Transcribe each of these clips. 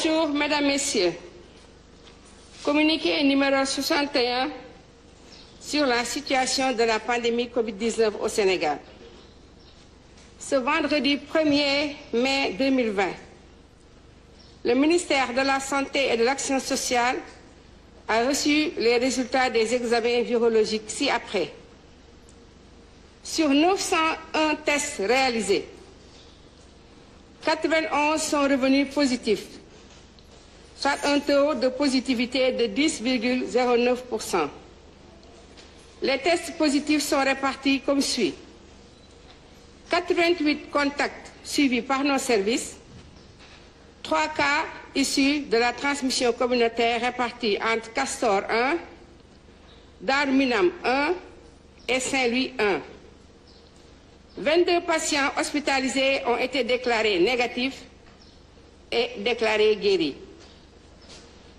Bonjour, Mesdames, Messieurs. Communiqué numéro 61 sur la situation de la pandémie Covid-19 au Sénégal. Ce vendredi 1er mai 2020, le ministère de la Santé et de l'Action sociale a les résultats des examens virologiques ci-après. Sur 901 tests réalisés, 91 sont revenus positifs soit un taux de positivité de 10,09%. Les tests positifs sont répartis comme suit. 88 contacts suivis par nos services, 3 cas issus de la transmission communautaire répartis entre Castor 1, Darminam 1 et Saint-Louis 1. 22 patients hospitalisés ont été déclarés négatifs et déclarés guéris.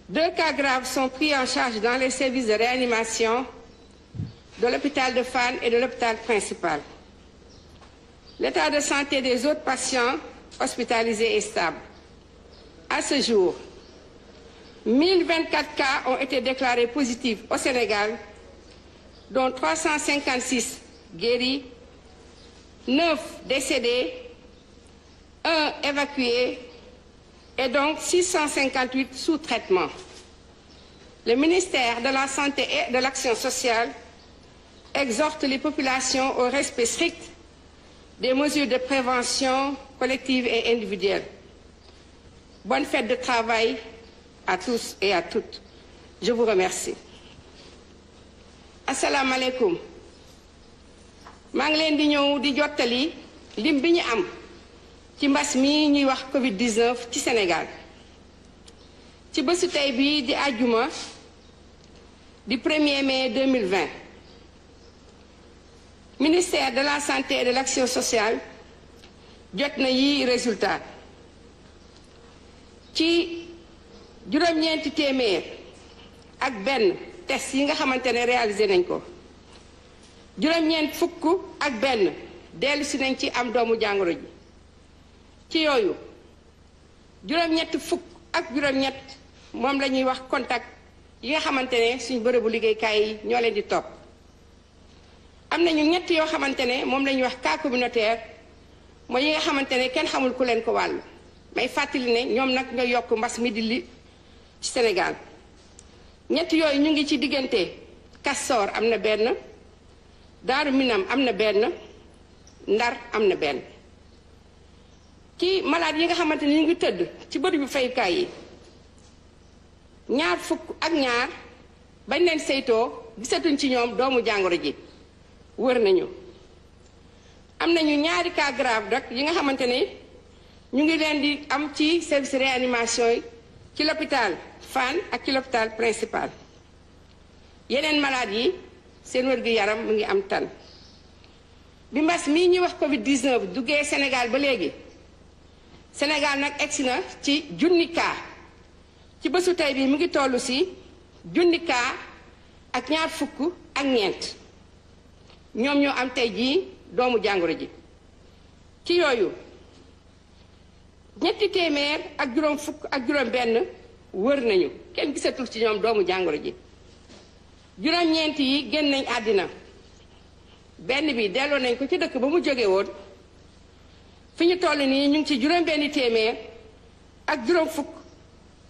Deux cas graves sont pris en charge les services de réanimation de l'hôpital de Fann et de l'hôpital principal. de santé des autres patients hospitalisés est stable. À ce jour, 1024 cas ont été déclarés positifs au Sénégal, dont 356 guéris, 9 décédés, 1 évacué et donc 658 sous-traitements. Le ministère de la Santé et de l'Action sociale exhorte les populations au respect strict des mesures de prévention collective et individuelle. Bonne fête de travail à tous et à toutes. Je maa ngi leen di ñëw di jottali lim bi ñu am ci mbas mi ñuy wax Covid 19 ci Sénégal ci bésu tey bii di àjjuma di 1er mai 2020 ministère de la santé et de l'action sociale jot na yi résultat ci juróom-ñeenti ak benn test yi nga xamante ne réalisé nañ ko juróom fukk ak benn dellu si nañ ci am doomu jàngoro ji ci yooyu juróom-ñett fukk ak juróom-ñett moom la ñuy wax contact yi nga xamante ne suñ bërëbu liggéeykaay yi ñoo leen di topp am nañu ñett yoo xamante ne moom lañuy wax cas communautaire mooy yi nga xamante ne kenn xamul ku leen ko wàll may fàttali ne ñoom nag nga yokk mbas mi di li ci senegal ñett yooyu ñu ngi ci diggante Kassoor am na benn Daaru Minam am na benn Ndar am na benn ci malaat yi nga xamante ni ñu ngi tëdd ci bërëb bu fayukaay yi ñaar fukk ak ñaar bañ leen saytoo gisatuñ ci ñoom doomu jàngoro ji wër nañu am nañu ñaari cas grave rek yi nga xamante ni ñu ngi leen di am ci service réanimation yi ci l'hôpital Fann ak ci l'hôpital principal yeneen malaat yi seen wér-gu-yaram mu ngi am tan bi mbas mii ñuy wax covid 19 duggee Sénégal ba léegi Sénégal nag egsi na ci junni cas ci bésu tey bii mu ngi tollu si junni cas ak ñaar fukk ak ñeent ñoom ñoo am tey jii doomu jàngoro ji ci yooyu ñetti téeméer ak juróom fukk ak juróom benn wër nañu kenn gisatul ci ñoom doomu jàngoro ji juróom-ñeent yi génn nañ àddina benn bi delloo nañ ko ci dëkk ba mu jóge woon fi ñu toll nii ñu ngi ci juróom-benni téeméer ak juróom fukk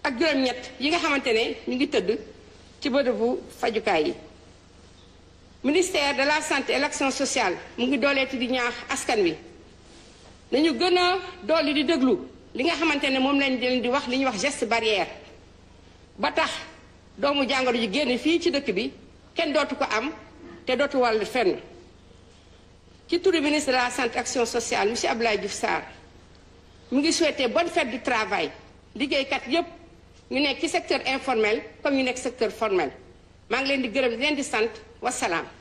ak juróom-ñett yi nga xamante ne ñu ngi tëdd ci bërëbu fajukaay yi. ministère de la santé et l'action sociale mu ngi dooleeti di ñaax askan wi nañu gën a dooli di déglu li nga xamante ne moom lañ leen di wax li ñuy wax geste barrière ba tax doomu jàngoro ji génn fii ci dëkk bi kenn dootu ko am te dootu wàll fenn. ci turu ministre de la santé action sociale monsieur Abdoulaye Diouf saar mu ngi souhaité bonne fête du travail liggéeykat yépp ñu nekk ci secteur informel comme ñu nekk secteur formel maa ngi leen di gërëm leen di sant wasalaam.